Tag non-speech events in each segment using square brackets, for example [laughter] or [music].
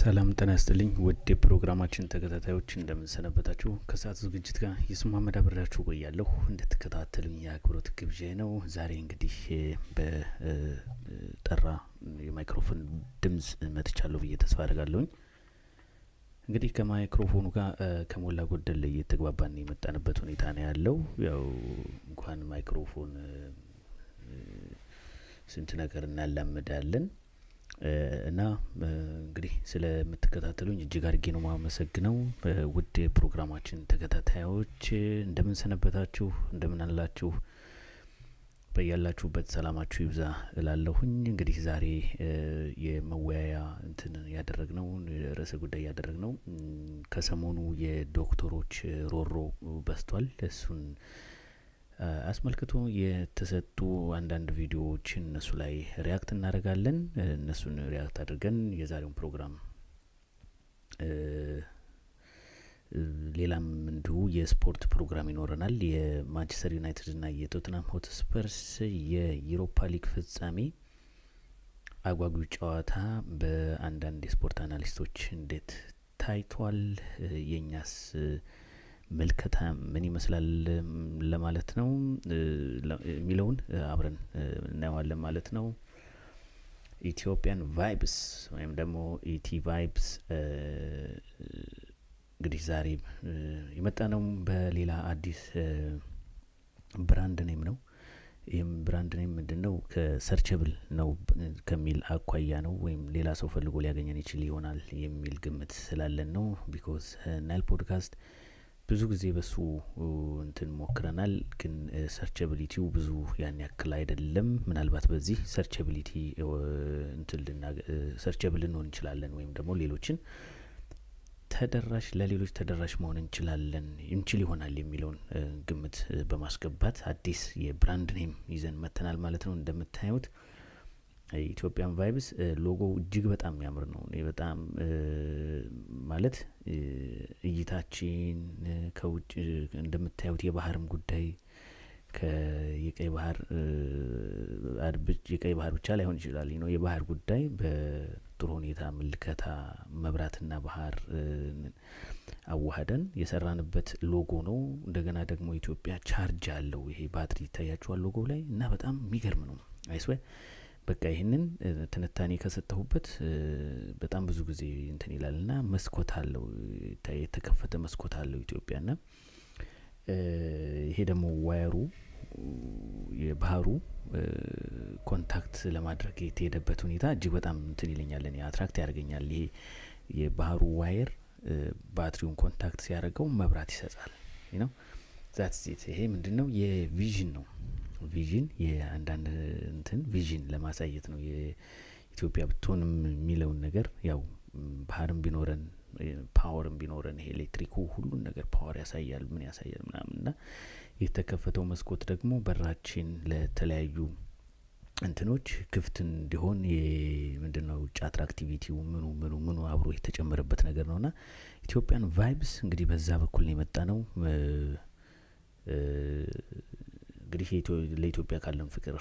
ሰላም ጤና ይስጥልኝ ውድ የፕሮግራማችን ተከታታዮች እንደምንሰነበታችሁ። ከሰዓት ዝግጅት ጋር የስማ መዳበሪያችሁ ቆያለሁ እንድትከታተሉኝ የአክብሮት ግብዣ ነው። ዛሬ እንግዲህ በጠራ የማይክሮፎን ድምጽ መጥቻለሁ ብዬ ተስፋ አድርጋለሁኝ። እንግዲህ ከማይክሮፎኑ ጋር ከሞላ ጎደል እየተግባባን የመጣንበት ሁኔታ ነው ያለው። ያው እንኳን ማይክሮፎን ስንት ነገር እናላምዳለን እና እንግዲህ ስለምትከታተሉኝ እጅግ አድርጌ ነው ማመሰግነው። ውድ የፕሮግራማችን ተከታታዮች እንደምን ሰነበታችሁ? እንደምን አላችሁ? በያላችሁበት ሰላማችሁ ይብዛ እላለሁኝ። እንግዲህ ዛሬ የመወያያ እንትን ነው ርዕሰ ጉዳይ ነው ከሰሞኑ የዶክተሮች ሮሮ በስቷል። እሱን አስመልክቶ የተሰጡ አንዳንድ ቪዲዮዎችን እነሱ ላይ ሪያክት እናደርጋለን። እነሱን ሪያክት አድርገን የዛሬውን ፕሮግራም ሌላም እንዲሁ የስፖርት ፕሮግራም ይኖረናል። የማንቸስተር እና የቶትናም ሆትስፐርስ የዩሮፓ ሊግ ፍጻሜ አጓጊው ጨዋታ በአንዳንድ የስፖርት አናሊስቶች እንዴት ታይቷል? የእኛስ ምልከታ ምን ይመስላል ለማለት ነው የሚለውን አብረን እናየዋለን ማለት ነው። ኢትዮጵያን ቫይብስ ወይም ደግሞ ኢቲ ቫይብስ እንግዲህ ዛሬ የመጣ ነው በሌላ አዲስ ብራንድ ኔም ነው። ይህም ብራንድ ኔም ምንድን ነው? ከሰርችብል ነው ከሚል አኳያ ነው ወይም ሌላ ሰው ፈልጎ ሊያገኘን ይችል ይሆናል የሚል ግምት ስላለን ነው። ቢኮዝ ናይል ፖድካስት ብዙ ጊዜ በሱ እንትን ሞክረናል፣ ግን ሰርቸብሊቲው ብዙ ያን ያክል አይደለም። ምናልባት በዚህ ሰርቸብሊቲ እንትን ሰርቸብል ልንሆን እንችላለን ወይም ደግሞ ሌሎችን ተደራሽ ለሌሎች ተደራሽ መሆን እንችላለን እንችል ይሆናል የሚለውን ግምት በማስገባት አዲስ የብራንድ ኔም ይዘን መጥተናል ማለት ነው እንደምታዩት የኢትዮጵያን ቫይብስ ሎጎ እጅግ በጣም የሚያምር ነው። በጣም ማለት እይታችን ከውጭ እንደምታዩት የባህርም ጉዳይ የቀይ ባህር የቀይ ባህር ብቻ ላይሆን ይችላል ነው የባህር ጉዳይ በጥሩ ሁኔታ ምልከታ መብራትና ባህር አዋህደን የሰራንበት ሎጎ ነው። እንደገና ደግሞ ኢትዮጵያ ቻርጅ አለው። ይሄ ባትሪ ይታያችኋል ሎጎ ላይ እና በጣም የሚገርም ነው አይስወ በቃ ይህንን ትንታኔ ከሰጠሁበት በጣም ብዙ ጊዜ እንትን ይላል ና መስኮት አለው የተከፈተ መስኮት አለው ኢትዮጵያ ና ይሄ ደግሞ ዋየሩ የባህሩ ኮንታክት ለማድረግ የተሄደበት ሁኔታ እጅግ በጣም እንትን ይለኛለን አትራክት ያደርገኛል። ይሄ የባህሩ ዋየር ባትሪውን ኮንታክት ሲያደርገው መብራት ይሰጣል ነው ዛት ሴት ይሄ ምንድን ነው የቪዥን ነው። ቪዥን የአንዳንድ እንትን ቪዥን ለማሳየት ነው የኢትዮጵያ ብትሆንም የሚለውን ነገር ያው ባህርም ቢኖረን ፓወርም ቢኖረን ይሄ ኤሌክትሪኩ ሁሉን ነገር ፓወር ያሳያል፣ ምን ያሳያል ምናምን እና የተከፈተው መስኮት ደግሞ በራችን ለተለያዩ እንትኖች ክፍት እንዲሆን ምንድን ነው ውጭ አትራክቲቪቲው ምኑ ምኑ ምኑ አብሮ የተጨመረበት ነገር ነው ና ኢትዮጵያን ቫይብስ እንግዲህ በዛ በኩል ነው የመጣ ነው። እንግዲህ ለኢትዮጵያ ካለን ፍቅር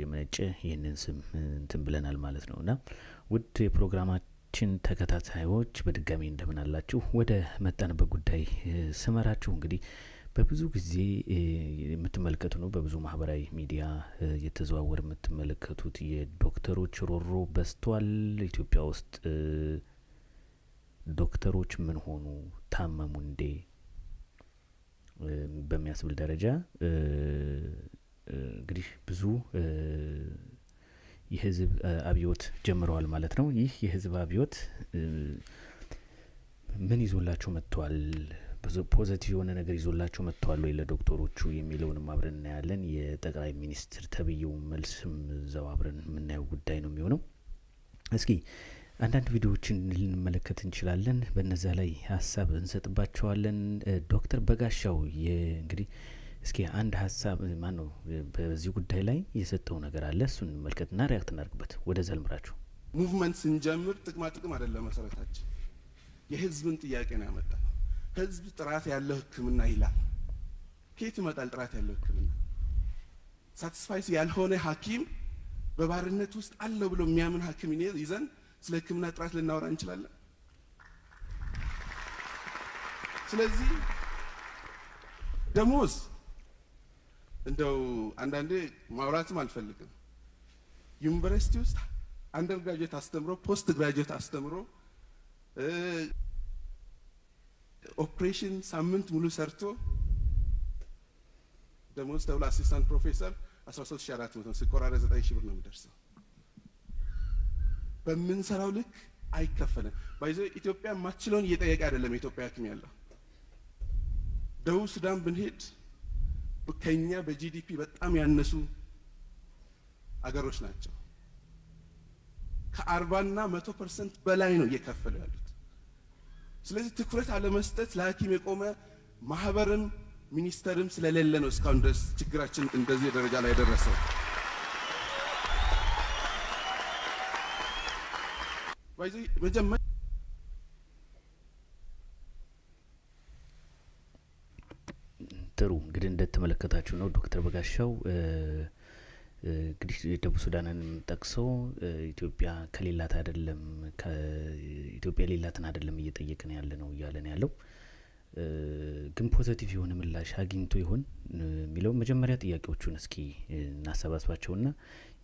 የመነጨ ይህንን ስም እንትን ብለናል ማለት ነው እና ውድ የፕሮግራማችን ተከታታዮች በድጋሚ እንደምናላችሁ ወደ መጣንበት ጉዳይ ስመራችሁ እንግዲህ በብዙ ጊዜ የምትመለከቱ ነው። በብዙ ማህበራዊ ሚዲያ የተዘዋወር የምትመለከቱት የዶክተሮች ሮሮ በስቷል ኢትዮጵያ ውስጥ። ዶክተሮች ምን ሆኑ? ታመሙ እንዴ? በሚያስብል ደረጃ እንግዲህ ብዙ የህዝብ አብዮት ጀምረዋል ማለት ነው። ይህ የህዝብ አብዮት ምን ይዞላቸው መጥተዋል? ብዙ ፖዘቲቭ የሆነ ነገር ይዞላቸው መጥተዋል ወይ ለዶክተሮቹ የሚለውንም አብረን እናያለን። የጠቅላይ ሚኒስትር ተብዬው መልስም እዛው አብረን የምናየው ጉዳይ ነው የሚሆነው እስኪ አንዳንድ ቪዲዮዎችን ልንመለከት እንችላለን። በነዛ ላይ ሀሳብ እንሰጥባቸዋለን። ዶክተር በጋሻው እንግዲህ እስኪ አንድ ሀሳብ ማን ነው በዚህ ጉዳይ ላይ የሰጠው ነገር አለ። እሱን እንመልከትና ሪያክት እናደርግበት። ወደ ዘልምራችሁ ሙቭመንት ስንጀምር ጥቅማ ጥቅም አይደለም መሰረታችን፣ የህዝብን ጥያቄ ነው ያመጣ። ህዝብ ጥራት ያለው ህክምና ይላል። ከየት ይመጣል ጥራት ያለው ህክምና? ሳትስፋይስ ያልሆነ ሐኪም በባርነት ውስጥ አለው ብሎ የሚያምን ሐኪም ይዘን ስለ ህክምና ጥራት ልናወራ እንችላለን። ስለዚህ ደሞዝ እንደው አንዳንዴ ማውራትም አልፈልግም። ዩኒቨርሲቲ ውስጥ አንደር ግራጁዌት አስተምሮ ፖስት ግራጁዌት አስተምሮ ኦፕሬሽን ሳምንት ሙሉ ሰርቶ ደሞዝ ተብሎ አሲስታንት ፕሮፌሰር 13400 ሲቆራረጥ 9000 ብር ነው የሚደርሰው። በምንሰራው ልክ አይከፈልም። ባይዘ ኢትዮጵያ ማችለውን እየጠየቀ አይደለም የኢትዮጵያ ሐኪም ያለው ደቡብ ሱዳን ብንሄድ ከኛ በጂዲፒ በጣም ያነሱ አገሮች ናቸው። ከአርባና መቶ ፐርሰንት በላይ ነው እየከፈሉ ያሉት። ስለዚህ ትኩረት አለመስጠት ለሐኪም የቆመ ማህበርም ሚኒስተርም ስለሌለ ነው እስካሁን ድረስ ችግራችን እንደዚህ ደረጃ ላይ ያደረሰው። ጥሩ እንግዲህ እንደተመለከታችሁ ነው ዶክተር በጋሻው እንግዲህ ደቡብ ሱዳንን የምንጠቅሰው ኢትዮጵያ ከሌላት አይደለም ኢትዮጵያ ሌላትን አይደለም እየጠየቅን ያለ ነው እያለን ያለው ግን ፖዘቲቭ የሆነ ምላሽ አግኝቶ ይሆን የሚለው መጀመሪያ ጥያቄዎቹን እስኪ እናሰባስባቸውና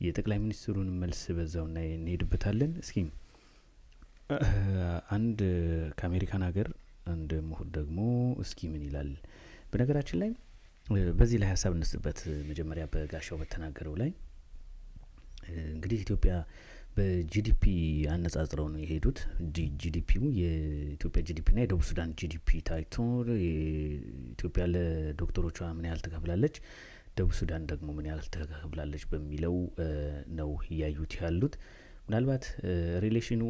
የጠቅላይ ሚኒስትሩን መልስ በዛው እንሄድበታለን እስኪ አንድ ከአሜሪካን ሀገር አንድ ምሁር ደግሞ እስኪ ምን ይላል፣ በነገራችን ላይ በዚህ ላይ ሀሳብ እንስጥበት። መጀመሪያ በጋሻው በተናገረው ላይ እንግዲህ ኢትዮጵያ በጂዲፒ አነጻጽረው ነው የሄዱት። ጂዲፒው የኢትዮጵያ ና የደቡብ ሱዳን ጂዲፒ ታይቶ ኢትዮጵያ ለዶክተሮቿ ምን ያህል ትከፍላለች፣ ደቡብ ሱዳን ደግሞ ምን ያህል ትከፍላለች በሚለው ነው እያዩት ያሉት። ምናልባት ሪሌሽኑ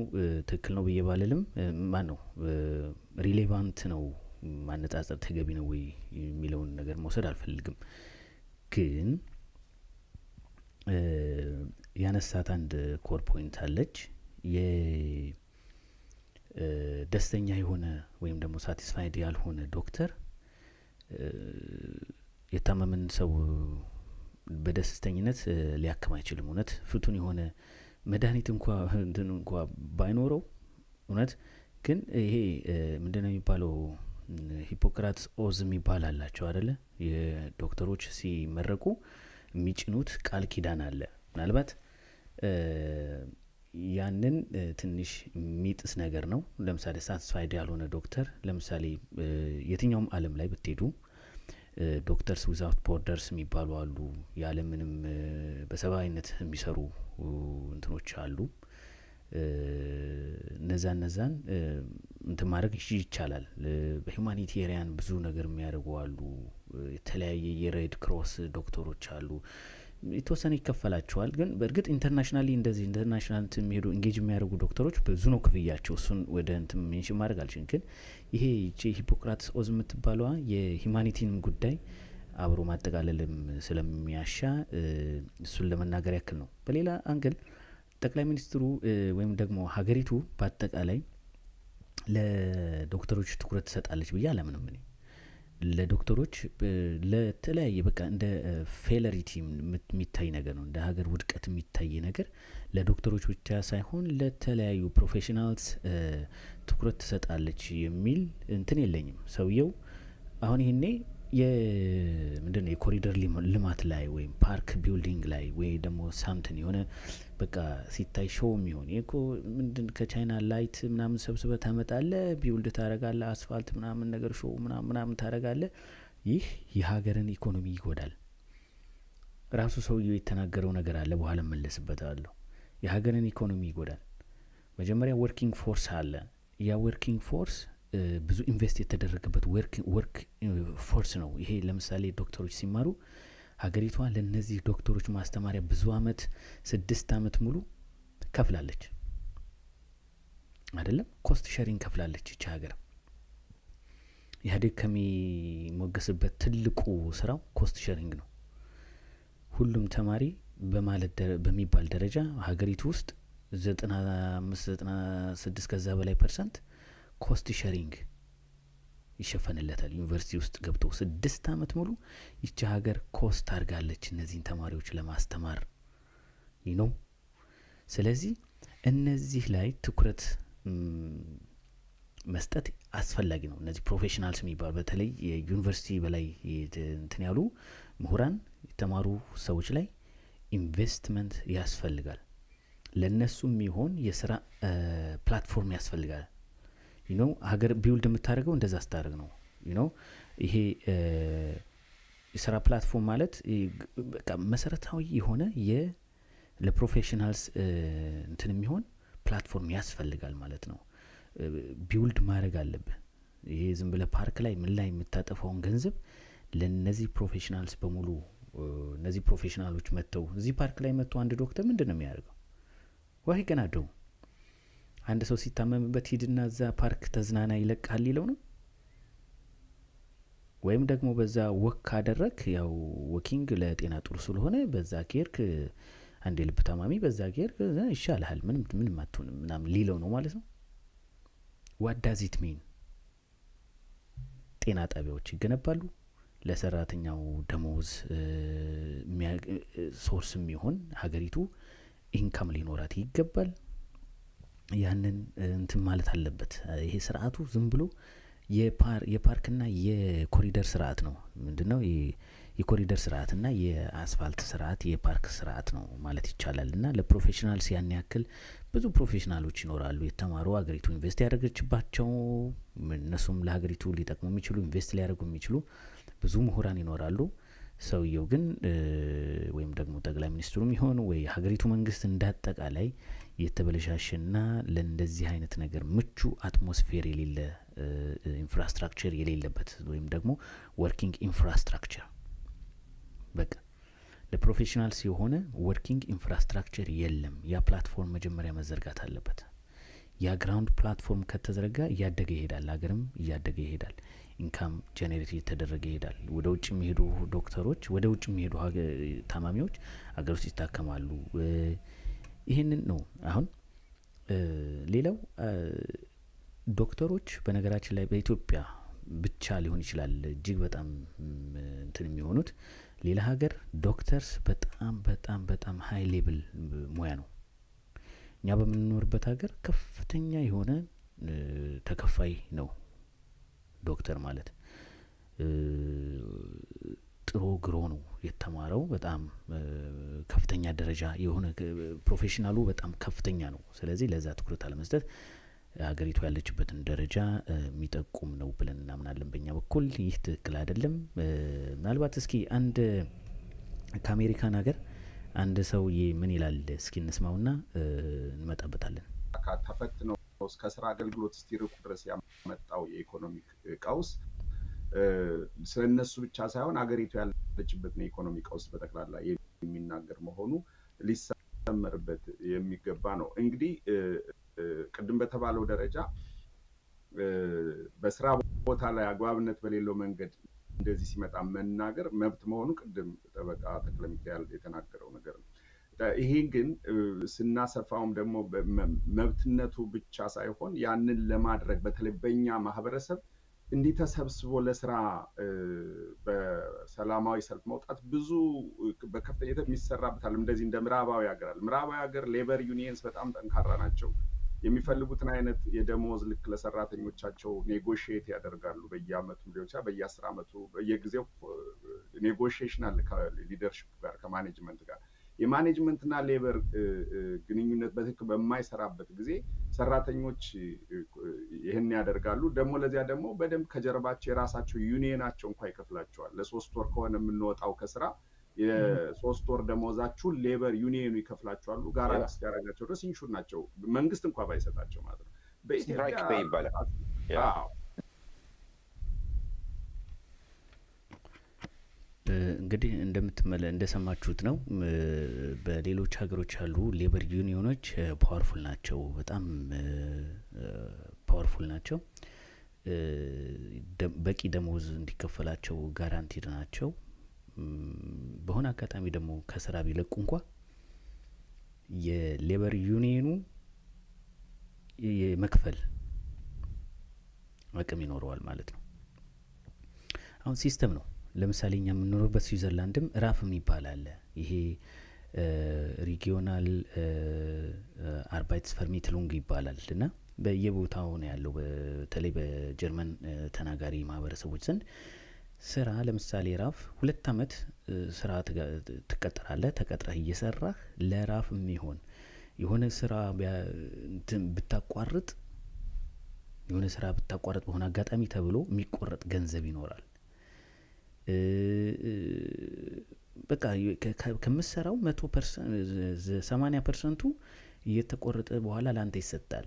ትክክል ነው ብዬ ባልልም ማን ነው ሪሌቫንት ነው ማነጻጸር ተገቢ ነው ወይ የሚለውን ነገር መውሰድ አልፈልግም። ግን ያነሳት አንድ ኮር ፖይንት አለች። የደስተኛ የሆነ ወይም ደግሞ ሳቲስፋይድ ያልሆነ ዶክተር የታመምን ሰው በደስተኝነት ሊያክም አይችልም። እውነት ፍቱን የሆነ መድኃኒት እንኳ [laughs] እንትን እንኳ ባይኖረው እውነት ግን ይሄ ምንድነው የሚባለው ሂፖክራትስ ኦዝ የሚባል አላቸው አደለ? የዶክተሮች ሲመረቁ የሚጭኑት ቃል ኪዳን አለ። ምናልባት ያንን ትንሽ የሚጥስ ነገር ነው። ለምሳሌ ሳትስፋይድ ያልሆነ ዶክተር ለምሳሌ የትኛውም አለም ላይ ብትሄዱ ዶክተርስ ዊዛውት ቦርደርስ የሚባሉ አሉ። ያለምንም በሰብአዊነት የሚሰሩ እንትኖች አሉ። እነዛ እነዛን እንትን ማድረግ ይቻላል። በሂማኒቴሪያን ብዙ ነገር የሚያደርጉ አሉ። የተለያየ የሬድ ክሮስ ዶክተሮች አሉ። የተወሰነ ይከፈላቸዋል። ግን በእርግጥ ኢንተርናሽናሊ እንደዚህ ኢንተርናሽናል እንትን የሚሄዱ እንጌጅ የሚያደርጉ ዶክተሮች ብዙ ነው ክፍያቸው። እሱን ወደ እንትን ሜንሽ ማድረግ አልችን። ግን ይሄ ይቺ ሂፖክራትስ ኦዝ የምትባለዋ የሂማኒቲንም ጉዳይ አብሮ ማጠቃለልም ስለሚያሻ እሱን ለመናገር ያክል ነው። በሌላ አንግል ጠቅላይ ሚኒስትሩ ወይም ደግሞ ሀገሪቱ በአጠቃላይ ለዶክተሮች ትኩረት ትሰጣለች ብዬ አላምንም እኔ ለዶክተሮች ለተለያየ በቃ እንደ ፌለሪቲ የሚታይ ነገር ነው፣ እንደ ሀገር ውድቀት የሚታይ ነገር ለዶክተሮች ብቻ ሳይሆን ለተለያዩ ፕሮፌሽናልስ ትኩረት ትሰጣለች የሚል እንትን የለኝም። ሰውየው አሁን ይህኔ ምንድነው የኮሪደር ልማት ላይ ወይም ፓርክ ቢልዲንግ ላይ ወይ ደግሞ ሳምትን የሆነ በቃ ሲታይ ሾው የሚሆን ይ እኮ ምንድን ከቻይና ላይት ምናምን ሰብስበ ታመጣለ፣ ቢውልድ ታረጋለ፣ አስፋልት ምናምን ነገር ሾው ምናምን ታረጋለ። ይህ የሀገርን ኢኮኖሚ ይጎዳል። ራሱ ሰውየው የተናገረው ነገር አለ፣ በኋላ መለስበታለሁ። የሀገርን ኢኮኖሚ ይጎዳል። መጀመሪያ ወርኪንግ ፎርስ አለ። ያ ወርኪንግ ፎርስ ብዙ ኢንቨስት የተደረገበት ወርክ ፎርስ ነው። ይሄ ለምሳሌ ዶክተሮች ሲማሩ ሀገሪቷ ለእነዚህ ዶክተሮች ማስተማሪያ ብዙ አመት ስድስት አመት ሙሉ ከፍላለች አይደለም ኮስት ሸሪንግ ከፍላለች ይቺ ሀገር ኢህአዴግ ከሚሞገስበት ትልቁ ስራው ኮስት ሸሪንግ ነው ሁሉም ተማሪ በማለት በሚባል ደረጃ ሀገሪቱ ውስጥ ዘጠና አምስት ዘጠና ስድስት ከዛ በላይ ፐርሰንት ኮስት ሸሪንግ ይሸፈንለታል። ዩኒቨርሲቲ ውስጥ ገብቶ ስድስት አመት ሙሉ ይቺ ሀገር ኮስት አድርጋለች እነዚህን ተማሪዎች ለማስተማር ነው። ስለዚህ እነዚህ ላይ ትኩረት መስጠት አስፈላጊ ነው። እነዚህ ፕሮፌሽናልስ የሚባሉ በተለይ የዩኒቨርሲቲ በላይ እንትን ያሉ ምሁራን የተማሩ ሰዎች ላይ ኢንቨስትመንት ያስፈልጋል። ለእነሱ የሚሆን የስራ ፕላትፎርም ያስፈልጋል። ዩኖ ሀገር ቢውልድ የምታደርገው እንደዛ ስታደርግ ነው። ዩኖ ይሄ የስራ ፕላትፎርም ማለት መሰረታዊ የሆነ ለፕሮፌሽናልስ እንትን የሚሆን ፕላትፎርም ያስፈልጋል ማለት ነው። ቢውልድ ማድረግ አለብህ። ይሄ ዝም ብለህ ፓርክ ላይ ምን ላይ የምታጠፋውን ገንዘብ ለነዚህ ፕሮፌሽናልስ በሙሉ እነዚህ ፕሮፌሽናሎች መጥተው እዚህ ፓርክ ላይ መጥተው አንድ ዶክተር ምንድን ነው የሚያደርገው? ዋይ ገና ደው አንድ ሰው ሲታመምበት ሂድና እዛ ፓርክ ተዝናና ይለቃል ይለው ነው። ወይም ደግሞ በዛ ወክ ካደረግ ያው ወኪንግ ለጤና ጥሩ ስለሆነ በዛ ኬርክ አንድ የልብ ታማሚ በዛ ኬርክ ይሻልሃል፣ ምንም ምንም አትሆንም ምናምን ሊለው ነው ማለት ነው። ዋዳዚት ሚን ጤና ጣቢያዎች ይገነባሉ። ለሰራተኛው ደሞዝ ሶርስ የሚሆን ሀገሪቱ ኢንካም ሊኖራት ይገባል። ያንን እንትን ማለት አለበት። ይሄ ስርዓቱ ዝም ብሎ የፓርክና የኮሪደር ስርዓት ነው። ምንድነው የኮሪደር ስርዓት የአስፋልት ስርዓት የፓርክ ስርዓት ነው ማለት ይቻላል። እና ለፕሮፌሽናልስ ያን ያክል ብዙ ፕሮፌሽናሎች ይኖራሉ የተማሩ ሀገሪቱ ኢንቨስት ያደረገችባቸው እነሱም ለሀገሪቱ ሊጠቅሙ የሚችሉ ኢንቨስት ሊያደርጉ የሚችሉ ብዙ ምሁራን ይኖራሉ። ሰውየው ግን ወይም ደግሞ ጠቅላይ ሚኒስትሩም ይሆን ወይ ሀገሪቱ መንግስት እንዳጠቃላይ የተበለሻሸና ለእንደዚህ አይነት ነገር ምቹ አትሞስፌር የሌለ ኢንፍራስትራክቸር የሌለበት ወይም ደግሞ ወርኪንግ ኢንፍራስትራክቸር በቃ ለፕሮፌሽናል የሆነ ወርኪንግ ኢንፍራስትራክቸር የለም። ያ ፕላትፎርም መጀመሪያ መዘርጋት አለበት። ያ ግራውንድ ፕላትፎርም ከተዘረጋ እያደገ ይሄዳል፣ ሀገርም እያደገ ይሄዳል፣ ኢንካም ጀኔሬት እየተደረገ ይሄዳል። ወደ ውጭ የሚሄዱ ዶክተሮች፣ ወደ ውጭ የሚሄዱ ታማሚዎች ሀገር ውስጥ ይታከማሉ። ይህንን ነው አሁን ሌላው ዶክተሮች በነገራችን ላይ በኢትዮጵያ ብቻ ሊሆን ይችላል እጅግ በጣም እንትን የሚሆኑት ሌላ ሀገር ዶክተርስ በጣም በጣም በጣም ሀይ ሌብል ሙያ ነው። እኛ በምንኖርበት ሀገር ከፍተኛ የሆነ ተከፋይ ነው ዶክተር ማለት ጥሩ ግሮ ነው የተማረው። በጣም ከፍተኛ ደረጃ የሆነ ፕሮፌሽናሉ በጣም ከፍተኛ ነው። ስለዚህ ለዛ ትኩረት አለመስጠት ሀገሪቱ ያለችበትን ደረጃ የሚጠቁም ነው ብለን እናምናለን። በእኛ በኩል ይህ ትክክል አይደለም። ምናልባት እስኪ አንድ ከአሜሪካን ሀገር አንድ ሰውዬ ምን ይላል እስኪ እንስማውና እንመጣበታለን። ተፈትነው እስከ ስራ አገልግሎት እስኪርቁ ድረስ ያመጣው የኢኮኖሚክ ቀውስ ስለነሱ ብቻ ሳይሆን አገሪቱ ያለችበትን የኢኮኖሚ ቀውስ በጠቅላላ የሚናገር መሆኑ ሊሰመርበት የሚገባ ነው። እንግዲህ ቅድም በተባለው ደረጃ በስራ ቦታ ላይ አግባብነት በሌለው መንገድ እንደዚህ ሲመጣ መናገር መብት መሆኑ ቅድም ጠበቃ ተክለ የተናገረው ነገር ነው። ይሄ ግን ስናሰፋውም ደግሞ መብትነቱ ብቻ ሳይሆን ያንን ለማድረግ በተለይ በኛ ማህበረሰብ እንዲህ ተሰብስቦ ለስራ በሰላማዊ ሰልፍ መውጣት ብዙ በከፍተኛ የሚሰራበታል። እንደዚህ እንደ ምዕራባዊ ሀገር አለ። ምዕራባዊ ሀገር ሌበር ዩኒየንስ በጣም ጠንካራ ናቸው። የሚፈልጉትን አይነት የደሞዝ ልክ ለሰራተኞቻቸው ኔጎሽየት ያደርጋሉ። በየአመቱ ሊሆቻ በየአስር አመቱ በየጊዜው ኔጎሽሽን አለ ከሊደርሽፕ ጋር ከማኔጅመንት ጋር የማኔጅመንትና ሌበር ግንኙነት በትክክል በማይሰራበት ጊዜ ሰራተኞች ይህን ያደርጋሉ። ደግሞ ለዚያ ደግሞ በደንብ ከጀርባቸው የራሳቸው ዩኒየናቸው እንኳ ይከፍላቸዋል። ለሶስት ወር ከሆነ የምንወጣው ከስራ የሶስት ወር ደሞዛችሁን ሌበር ዩኒየኑ ይከፍላቸዋሉ። ጋራ ያደረጋቸው ድረስ ኢንሹር ናቸው መንግስት እንኳ ባይሰጣቸው ማለት ነው በኢትዮጵያ ይባላል እንግዲህ እንደምትመለ እንደሰማችሁት ነው። በሌሎች ሀገሮች ያሉ ሌበር ዩኒዮኖች ፓወርፉል ናቸው፣ በጣም ፓወርፉል ናቸው። በቂ ደሞዝ እንዲከፈላቸው ጋራንቲድ ናቸው። በሆነ አጋጣሚ ደግሞ ከስራ ቢለቁ እንኳ የሌበር ዩኒየኑ የመክፈል አቅም ይኖረዋል ማለት ነው። አሁን ሲስተም ነው ለምሳሌ እኛ የምንኖርበት ስዊዘርላንድም ራፍም አለ ይሄ ሪጊዮናል አርባይትስ ሉንግ ይባላል እና በየቦታው ነው ያለው። በተለይ በጀርመን ተናጋሪ ማህበረሰቦች ዘንድ ስራ ለምሳሌ ራፍ ሁለት አመት ስራ ትቀጥራለህ። ተቀጥረህ እየሰራህ ለራፍ የሚሆን የሆነ ስራ ብታቋርጥ የሆነ ስራ ብታቋርጥ በሆነ አጋጣሚ ተብሎ የሚቆረጥ ገንዘብ ይኖራል። በቃ ከምሰራው መቶ ሰማኒያ ፐርሰንቱ እየተቆረጠ በኋላ ለአንተ ይሰጣል።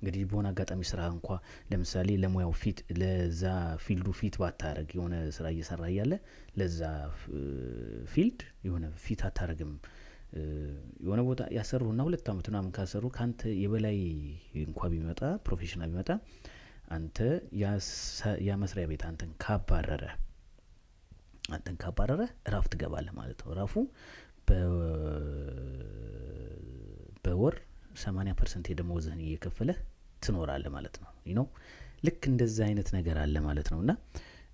እንግዲህ በሆነ አጋጣሚ ስራ እንኳ ለምሳሌ ለሙያው ፊት ለዛ ፊልዱ ፊት ባታረግ የሆነ ስራ እየሰራ እያለ ለዛ ፊልድ የሆነ ፊት አታረግም። የሆነ ቦታ ያሰሩና ሁለት አመት ምናምን ካሰሩ ከአንተ የበላይ እንኳ ቢመጣ ፕሮፌሽናል ቢመጣ አንተ ያ መስሪያ ቤት አንተን ካባረረ አንተን ካባረረ እራፍ ትገባለህ ማለት ነው። እራፉ በወር 8 ፐርሰንት የደመወዝህን እየከፈለ ትኖራለህ ማለት ነው። ነው ልክ እንደዛ አይነት ነገር አለ ማለት ነው እና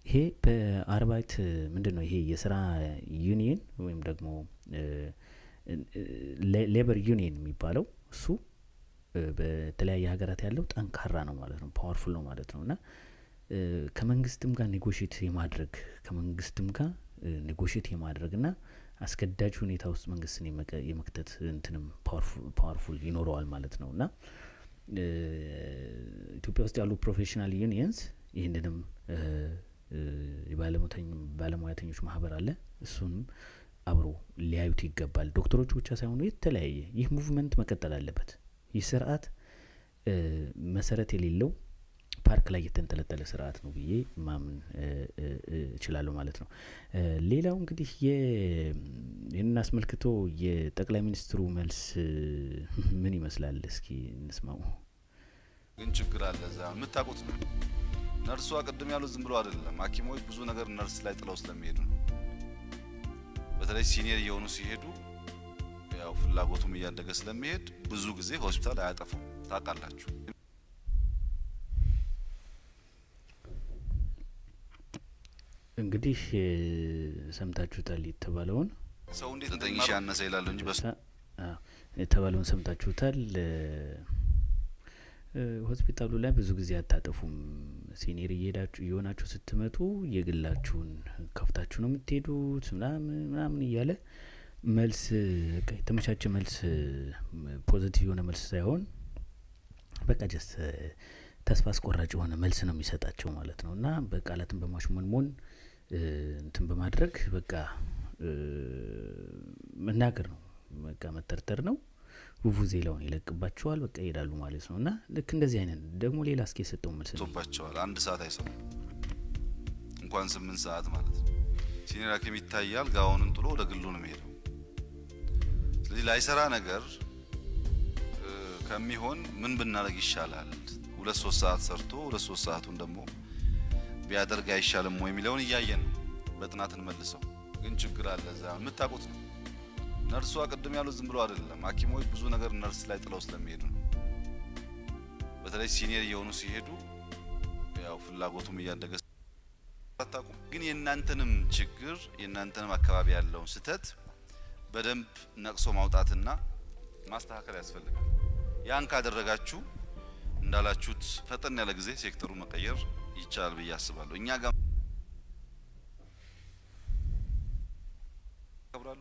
ይሄ በአርባይት ምንድን ነው ይሄ የስራ ዩኒየን ወይም ደግሞ ሌበር ዩኒየን የሚባለው እሱ በተለያየ ሀገራት ያለው ጠንካራ ነው ማለት ነው፣ ፓወርፉል ነው ማለት ነው እና ከመንግስትም ጋር ኔጎሽት የማድረግ ከመንግስትም ጋር ኔጎሽት የማድረግ ና አስገዳጅ ሁኔታ ውስጥ መንግስትን የመክተት እንትንም ፓወርፉል ይኖረዋል ማለት ነው እና ኢትዮጵያ ውስጥ ያሉ ፕሮፌሽናል ዩኒየንስ ይህንንም ባለሙያተኞች ማህበር አለ። እሱንም አብሮ ሊያዩት ይገባል። ዶክተሮቹ ብቻ ሳይሆኑ የተለያየ ይህ ሙቭመንት መቀጠል አለበት። ይህ ስርዓት መሰረት የሌለው ፓርክ ላይ የተንጠለጠለ ስርዓት ነው ብዬ ማምን እችላለሁ ማለት ነው። ሌላው እንግዲህ ይህንን አስመልክቶ የጠቅላይ ሚኒስትሩ መልስ ምን ይመስላል? እስኪ እንስማው። ግን ችግር አለ እዛ የምታውቁት ነው። ነርሷ ቅድም ያሉት ዝም ብሎ አይደለም። ሐኪሞች ብዙ ነገር ነርስ ላይ ጥለው ስለሚሄዱ ነው። በተለይ ሲኒየር እየሆኑ ሲሄዱ ያው ፍላጎቱም እያደገ ስለሚሄድ ብዙ ጊዜ ሆስፒታል አያጠፉም። ታውቃላችሁ። እንግዲህ ሰምታችሁታል የተባለውን ሰው እንዴት ዘጠኝ ሺ ያነሰ ይላሉ እንጂ በሱ የተባለውን ሰምታችሁታል። ሆስፒታሉ ላይ ብዙ ጊዜ አታጠፉም። ሲኒየር እየሄዳችሁ እየሆናችሁ ስትመጡ የግላችሁን ከፍታችሁ ነው የምትሄዱት ምናምን ምናምን እያለ መልስ የተመቻቸ መልስ ፖዘቲቭ የሆነ መልስ ሳይሆን በቃ ጀስ ተስፋ አስቆራጭ የሆነ መልስ ነው የሚሰጣቸው ማለት ነው። እና በቃላትን በማሽሞንሞን እንትን በማድረግ በቃ መናገር ነው በቃ መተርተር ነው። ዜላውን ይለቅባቸዋል በቃ ይሄዳሉ ማለት ነው። እና ልክ እንደዚህ አይነት ደግሞ ሌላ እስኪ የሰጠው መልስ ቶባቸዋል። አንድ ሰዓት አይሰሙ እንኳን ስምንት ሰዓት ማለት ነው። ሲኔራ ኬም ጥሎ ወደ ግሉ ነው የሚሄደው ስለዚህ ላይሰራ ነገር ከሚሆን ምን ብናደርግ ይሻላል? ሁለት ሶስት ሰዓት ሰርቶ ሁለት ሶስት ሰዓቱን ደግሞ ቢያደርግ አይሻልም ወይ የሚለውን እያየን ነው። በጥናት እንመልሰው። ግን ችግር አለ እዛ የምታውቁት ነው። ነርሷ ቅድም ያሉት ዝም ብሎ አይደለም። ሐኪሞች ብዙ ነገር ነርስ ላይ ጥለው ስለሚሄዱ ነው። በተለይ ሲኒየር እየሆኑ ሲሄዱ ያው ፍላጎቱም እያደገ አታውቁም። ግን የእናንተንም ችግር የእናንተንም አካባቢ ያለውን ስህተት በደንብ ነቅሶ ማውጣትና ማስተካከል ያስፈልጋል። ያን ካደረጋችሁ እንዳላችሁት ፈጠን ያለ ጊዜ ሴክተሩ መቀየር ይቻላል ብዬ አስባለሁ። እኛ ጋር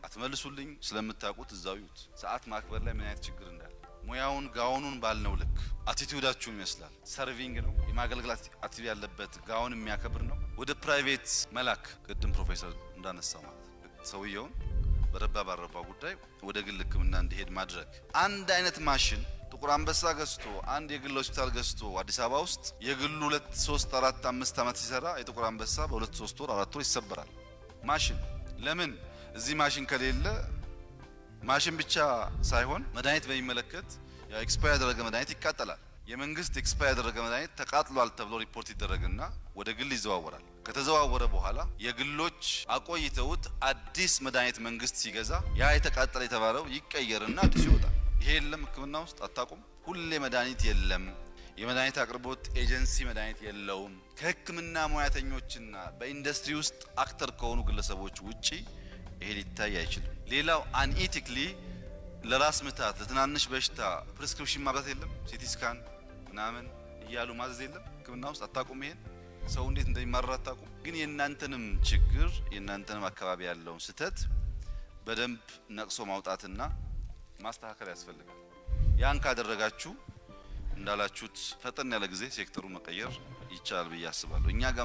አትመልሱልኝ ስለምታውቁት እዛው ይዩት። ሰዓት ማክበር ላይ ምን አይነት ችግር እንዳለ ሙያውን ጋውኑን ባልነው ልክ አቲቲዩዳችሁም ይመስላል። ሰርቪንግ ነው የማገልገል አቲቲዩድ ያለበት ጋውን የሚያከብር ነው። ወደ ፕራይቬት መላክ ቅድም ፕሮፌሰር እንዳነሳ ማለት ሰውየውን በረባ ባረባ ጉዳይ ወደ ግል ሕክምና እንዲሄድ ማድረግ አንድ አይነት ማሽን ጥቁር አንበሳ ገዝቶ አንድ የግል ሆስፒታል ገዝቶ አዲስ አበባ ውስጥ የግሉ ሁለት ሶስት አራት አምስት ዓመት ሲሰራ የጥቁር አንበሳ በሁለት ሶስት ወር አራት ወር ይሰበራል። ማሽን ለምን እዚህ ማሽን ከሌለ ማሽን ብቻ ሳይሆን መድኃኒት በሚመለከት ኤክስፓየር ያደረገ መድኃኒት ይቃጠላል። የመንግስት ኤክስፓየር ያደረገ መድኃኒት ተቃጥሏል ተብሎ ሪፖርት ይደረግና ወደ ግል ይዘዋወራል። ከተዘዋወረ በኋላ የግሎች አቆይተውት አዲስ መድኃኒት መንግስት ሲገዛ ያ የተቃጠለ የተባለው ይቀየርና አዲሱ ይወጣል። ይሄ የለም፣ ህክምና ውስጥ አታቁም። ሁሌ መድኃኒት የለም። የመድኃኒት አቅርቦት ኤጀንሲ መድኃኒት የለውም። ከህክምና ሙያተኞችና በኢንዱስትሪ ውስጥ አክተር ከሆኑ ግለሰቦች ውጪ ይሄ ሊታይ አይችልም። ሌላው አንኢቲክሊ ለራስ ምታት፣ ለትናንሽ በሽታ ፕሪስክሪፕሽን ማብዛት የለም ሲቲ ስካን ምናምን እያሉ ማዘዝ የለም። ህክምና ውስጥ አታቁም። ይሄን ሰው እንዴት እንደሚማራ አታቁም። ግን የእናንተንም ችግር የእናንተንም አካባቢ ያለውን ስህተት በደንብ ነቅሶ ማውጣትና ማስተካከል ያስፈልጋል። ያን ካደረጋችሁ እንዳላችሁት ፈጠን ያለ ጊዜ ሴክተሩ መቀየር ይቻላል ብዬ አስባለሁ። እኛ ጋር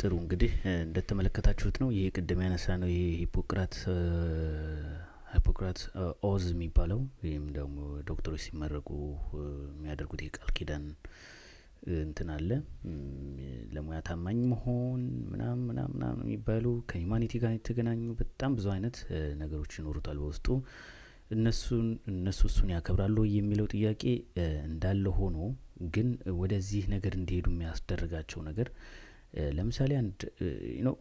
ጥሩ እንግዲህ እንደተመለከታችሁት ነው። ይሄ ቅድም ያነሳ ነው ይህ ሂፖክራት ሃይፖክራት ኦዝ የሚባለው ወይም ደግሞ ዶክተሮች ሲመረቁ የሚያደርጉት የቃል ኪዳን እንትን አለ። ለሙያ ታማኝ መሆን ምናም ምናም ምናም የሚባሉ ከሂማኒቲ ጋር የተገናኙ በጣም ብዙ አይነት ነገሮች ይኖሩታል በውስጡ። እነሱን እነሱ እሱን ያከብራሉ የሚለው ጥያቄ እንዳለ ሆኖ ግን ወደዚህ ነገር እንዲሄዱ የሚያስደርጋቸው ነገር ለምሳሌ አንድ ነው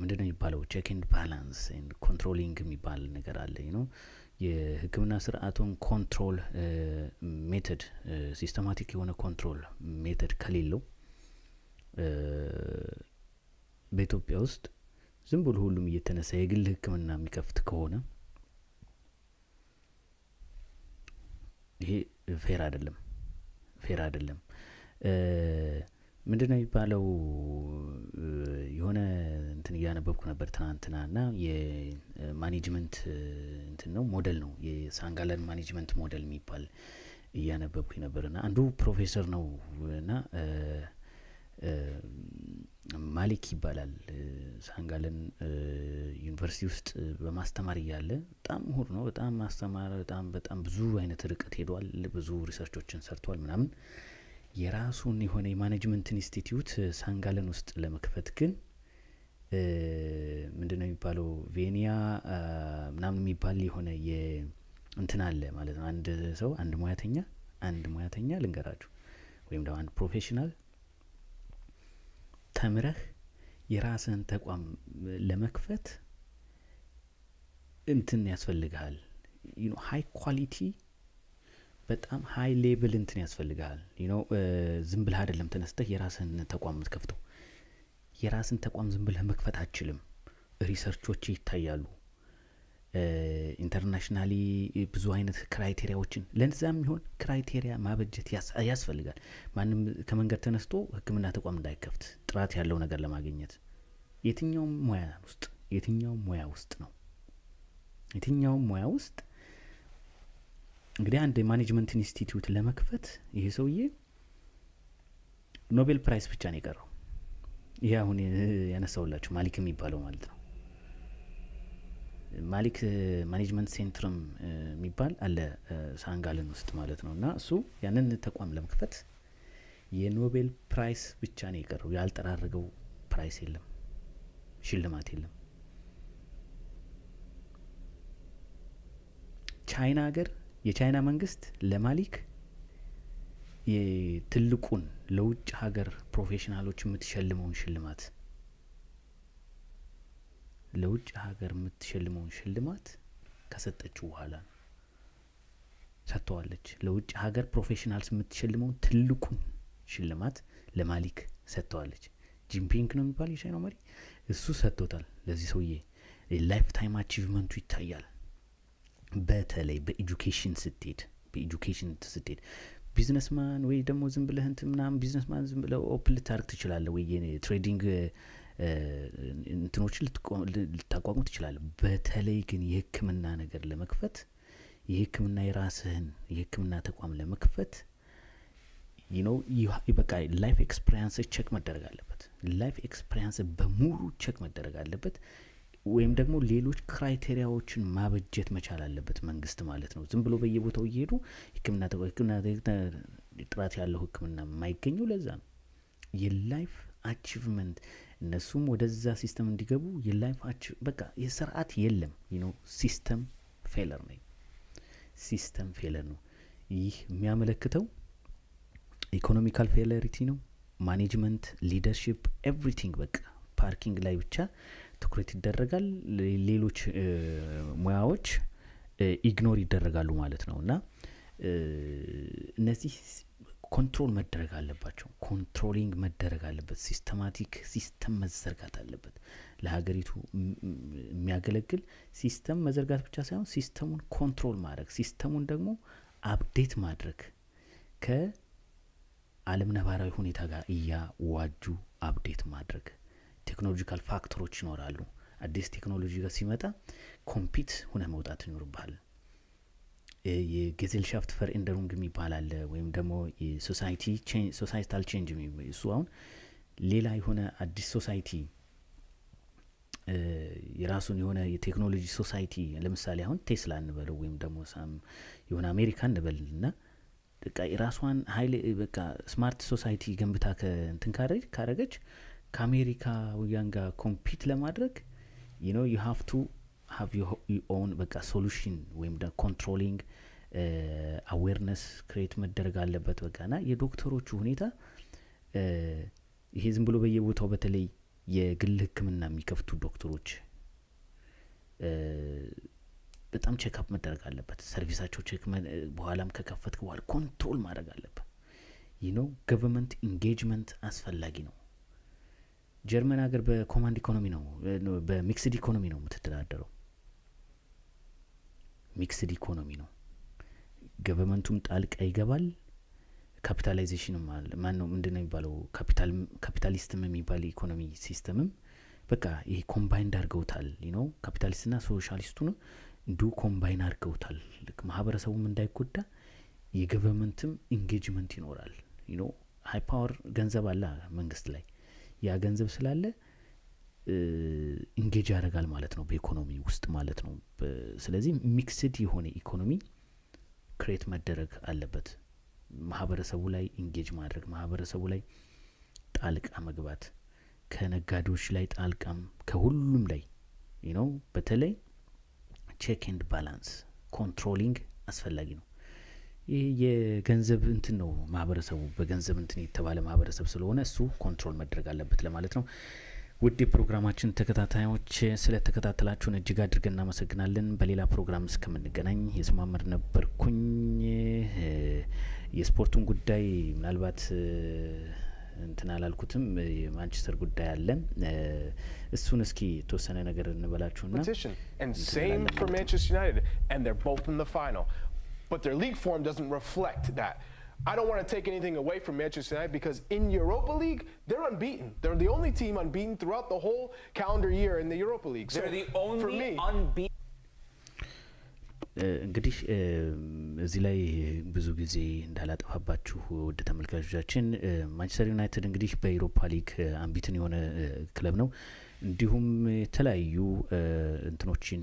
ምንድነው የሚባለው ቼክ ኤንድ ባላንስ ኤንድ ኮንትሮሊንግ የሚባል ነገር አለ ነው። የህክምና ስርአቱን ኮንትሮል ሜተድ ሲስተማቲክ የሆነ ኮንትሮል ሜተድ ከሌለው uh, በኢትዮጵያ ውስጥ ዝም ብሎ ሁሉም እየተነሳ የግል ህክምና የሚከፍት ከሆነ ይሄ ፌር አይደለም፣ ፌር አይደለም። uh, ነው የሚባለው የሆነ እንትን እያነበብኩ ነበር ትናንትና እና የማኔጅመንት እንትን ነው ሞዴል ነው የሳንጋለን ማኔጅመንት ሞዴል የሚባል እያነበብኩ ነበር እና አንዱ ፕሮፌሰር ነው እና ማሊክ ይባላል ሳንጋለን ዩኒቨርሲቲ ውስጥ በማስተማር እያለ በጣም ምሁር ነው። በጣም ማስተማር በጣም በጣም ብዙ አይነት ርቀት ሄዷል። ብዙ ሪሰርቾችን ሰርቷል ምናምን የራሱን የሆነ የማኔጅመንት ኢንስቲትዩት ሳንጋለን ውስጥ ለመክፈት ግን ምንድነው የሚባለው ቬኒያ ምናምን የሚባል የሆነ እንትን አለ ማለት ነው። አንድ ሰው አንድ ሙያተኛ አንድ ሙያተኛ ልንገራችሁ፣ ወይም ደግሞ አንድ ፕሮፌሽናል ተምረህ የራስህን ተቋም ለመክፈት እንትን ያስፈልግሃል ሀይ ኳሊቲ በጣም ሀይ ሌብል እንትን ያስፈልግሃል። ነው uh, ዝም ብለህ አይደለም ተነስተህ የራስህን ተቋም የምትከፍተው። የራስን ተቋም ዝም ብለህ መክፈት አችልም። ሪሰርቾች ይታያሉ። ኢንተርናሽናሊ uh, ብዙ አይነት ክራይቴሪያዎችን ለዛ የሚሆን ክራይቴሪያ ማበጀት ያስፈልጋል። ማንም ከመንገድ ተነስቶ ሕክምና ተቋም እንዳይከፍት ጥራት ያለው ነገር ለማግኘት የትኛውም ሙያ ውስጥ የትኛውም ሙያ ውስጥ ነው የትኛውም ሙያ ውስጥ እንግዲህ አንድ ማኔጅመንት ኢንስቲትዩት ለመክፈት ይሄ ሰውዬ ኖቤል ፕራይስ ብቻ ነው የቀረው። ይህ አሁን ያነሳውላችሁ ማሊክ የሚባለው ማለት ነው። ማሊክ ማኔጅመንት ሴንትርም የሚባል አለ ሳንጋልን ውስጥ ማለት ነው። እና እሱ ያንን ተቋም ለመክፈት የኖቤል ፕራይስ ብቻ ነው የቀረው። ያልጠራረገው ፕራይስ የለም፣ ሽልማት የለም። ቻይና ሀገር የቻይና መንግስት ለማሊክ ትልቁን ለውጭ ሀገር ፕሮፌሽናሎች የምትሸልመውን ሽልማት ለውጭ ሀገር የምትሸልመውን ሽልማት ከሰጠችው በኋላ ነው ሰጥተዋለች። ለውጭ ሀገር ፕሮፌሽናልስ የምትሸልመውን ትልቁን ሽልማት ለማሊክ ሰጥተዋለች። ጂንፒንግ ነው የሚባል የቻይናው መሪ እሱ ሰጥቶታል። ለዚህ ሰውዬ ላይፍ ታይም አቺቭመንቱ ይታያል። በተለይ በኤጁኬሽን ስትሄድ በኤጁኬሽን ስትሄድ ቢዝነስማን ወይ ደግሞ ዝም ብለህ እንትን ምናምን ቢዝነስማን ዝም ብለህ ኦፕ ልታርግ ትችላለህ ወይ ትሬዲንግ እንትኖችን ልታቋቁም ትችላለህ። በተለይ ግን የህክምና ነገር ለመክፈት የህክምና የራስህን የህክምና ተቋም ለመክፈት ነው በቃ ላይፍ ኤክስፔሪንስ ቸክ መደረግ አለበት። ላይፍ ኤክስፔሪንስ በሙሉ ቸክ መደረግ አለበት። ወይም ደግሞ ሌሎች ክራይቴሪያዎችን ማበጀት መቻል አለበት መንግስት ማለት ነው። ዝም ብሎ በየቦታው እየሄዱ ህክምና ጥራት ያለው ህክምና የማይገኘው ለዛ ነው። የላይፍ አቺቭመንት እነሱም ወደዛ ሲስተም እንዲገቡ የላይፍ በቃ የስርዓት የለም ነው። ሲስተም ፌለር ነው። ሲስተም ፌለር ነው። ይህ የሚያመለክተው ኢኮኖሚካል ፌለሪቲ ነው። ማኔጅመንት፣ ሊደርሺፕ ኤቭሪቲንግ በቃ ፓርኪንግ ላይ ብቻ ትኩረት ይደረጋል፣ ሌሎች ሙያዎች ኢግኖር ይደረጋሉ ማለት ነው እና እነዚህ ኮንትሮል መደረግ አለባቸው። ኮንትሮሊንግ መደረግ አለበት። ሲስተማቲክ ሲስተም መዘርጋት አለበት። ለሀገሪቱ የሚያገለግል ሲስተም መዘርጋት ብቻ ሳይሆን ሲስተሙን ኮንትሮል ማድረግ፣ ሲስተሙን ደግሞ አፕዴት ማድረግ ከዓለም ነባራዊ ሁኔታ ጋር እያዋጁ አፕዴት ማድረግ ቴክኖሎጂካል ፋክተሮች ይኖራሉ። አዲስ ቴክኖሎጂ ጋር ሲመጣ ኮምፒት ሁነ መውጣት ይኖርብሃል። የጌዜልሻፍት ፈር ኢንደሩንግ የሚባል አለ። ወይም ደግሞ ሶሳይታል ቼንጅ እሱ አሁን ሌላ የሆነ አዲስ ሶሳይቲ የራሱን የሆነ የቴክኖሎጂ ሶሳይቲ ለምሳሌ አሁን ቴስላ እንበለው ወይም ደግሞ የሆነ አሜሪካ እንበል እና በቃ የራሷን ሀይል በቃ ስማርት ሶሳይቲ ገንብታ ከእንትን ካረገች ከአሜሪካውያን ጋር ኮምፒት ለማድረግ ዩ ኖ ዩ ሀቭ ቱ ሀቭ ዩ ኦውን በቃ ሶሉሽን ወይም ኮንትሮሊንግ አዌርነስ ክሬት መደረግ አለበት። በቃ ና የዶክተሮቹ ሁኔታ uh, ይሄ ዝም ብሎ በየቦታው በተለይ የግል ሕክምና የሚከፍቱ ዶክተሮች uh, በጣም ቼክአፕ መደረግ አለበት። ሰርቪሳቸው ቼክ በኋላም ከከፈትክ በኋላ ኮንትሮል ማድረግ አለበት። ይህ ነው ገቨርንመንት ኢንጌጅመንት አስፈላጊ ነው። ጀርመን ሀገር በኮማንድ ኢኮኖሚ ነው በሚክስድ ኢኮኖሚ ነው የምትተዳደረው። ሚክስድ ኢኮኖሚ ነው። ገቨርመንቱም ጣልቃ ይገባል። ካፒታላይዜሽንም አለ። ማን ነው ምንድን ነው የሚባለው? ካፒታሊስትም የሚባል ኢኮኖሚ ሲስተምም በቃ ይሄ ኮምባይንድ አድርገውታል ነው ካፒታሊስትና ሶሻሊስቱንም እንዲሁ ኮምባይን አድርገውታል። ማህበረሰቡም እንዳይጎዳ የገቨርመንትም ኢንጌጅመንት ይኖራል ነው ሀይ ፓወር ገንዘብ አለ መንግስት ላይ ያ ገንዘብ ስላለ እንጌጅ ያደርጋል ማለት ነው፣ በኢኮኖሚ ውስጥ ማለት ነው። ስለዚህ ሚክስድ የሆነ ኢኮኖሚ ክሬት መደረግ አለበት። ማህበረሰቡ ላይ ኢንጌጅ ማድረግ፣ ማህበረሰቡ ላይ ጣልቃ መግባት፣ ከነጋዴዎች ላይ ጣልቃም፣ ከሁሉም ላይ ነው። በተለይ ቼክ ኤንድ ባላንስ ኮንትሮሊንግ አስፈላጊ ነው። ይህ የገንዘብ እንትን ነው ማህበረሰቡ በገንዘብ እንትን የተባለ ማህበረሰብ ስለሆነ እሱ ኮንትሮል መድረግ አለበት ለማለት ነው። ውድ ፕሮግራማችን ተከታታዮች ስለተከታተላችሁን እጅግ አድርገን እናመሰግናለን። በሌላ ፕሮግራም እስከምንገናኝ የስማምር ነበርኩኝ። የስፖርቱን ጉዳይ ምናልባት እንትን አላልኩትም። የማንቸስተር ጉዳይ አለን። እሱን እስኪ የተወሰነ ነገር እንበላችሁና but their league form doesn't reflect that. I don't want to take anything away from Manchester United because in Europa League, they're unbeaten. They're the only team unbeaten throughout the whole calendar year in the Europa League. they're the only for me, unbeaten. Eh, እንግዲህ eh, እዚህ ላይ ብዙ ጊዜ እንዳላጠፋባችሁ ውድ ተመልካቾቻችን eh, ማንቸስተር ዩናይትድ እንግዲህ በኢሮፓ ሊግ አንቢትን የሆነ ክለብ ነው። እንዲሁም የተለያዩ እንትኖችን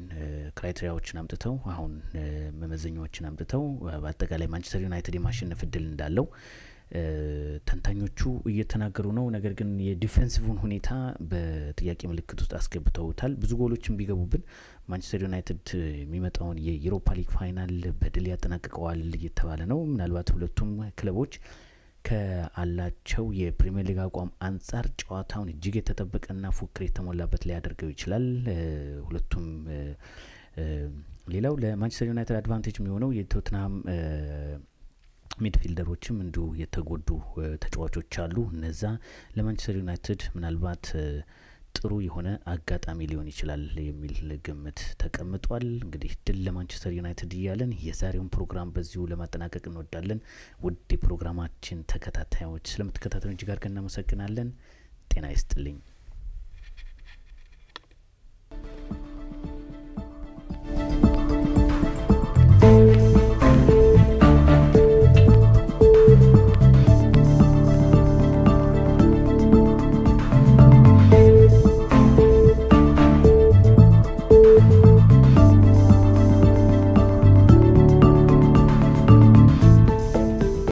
ክራይቴሪያዎችን አምጥተው አሁን መመዘኛዎችን አምጥተው በአጠቃላይ ማንቸስተር ዩናይትድ የማሸነፍ እድል እንዳለው ተንታኞቹ እየተናገሩ ነው። ነገር ግን የዲፌንሲቭን ሁኔታ በጥያቄ ምልክት ውስጥ አስገብተውታል። ብዙ ጎሎችን ቢገቡብን ማንቸስተር ዩናይትድ የሚመጣውን የዩሮፓ ሊግ ፋይናል በድል ያጠናቅቀዋል እየተባለ ነው። ምናልባት ሁለቱም ክለቦች ከአላቸው የፕሪሚየር ሊግ አቋም አንጻር ጨዋታውን እጅግ የተጠበቀና ፉክክር የተሞላበት ሊያደርገው ይችላል። ሁለቱም ሌላው ለማንቸስተር ዩናይትድ አድቫንቴጅ የሚሆነው የቶትናም ሚድፊልደሮችም እንዲሁ የተጎዱ ተጫዋቾች አሉ። እነዛ ለማንቸስተር ዩናይትድ ምናልባት ጥሩ የሆነ አጋጣሚ ሊሆን ይችላል የሚል ግምት ተቀምጧል። እንግዲህ ድል ለማንቸስተር ዩናይትድ እያለን የዛሬውን ፕሮግራም በዚሁ ለማጠናቀቅ እንወዳለን። ውድ የፕሮግራማችን ተከታታዮች ስለምትከታተሉ እጅግ አድርገን እናመሰግናለን። ጤና ይስጥልኝ።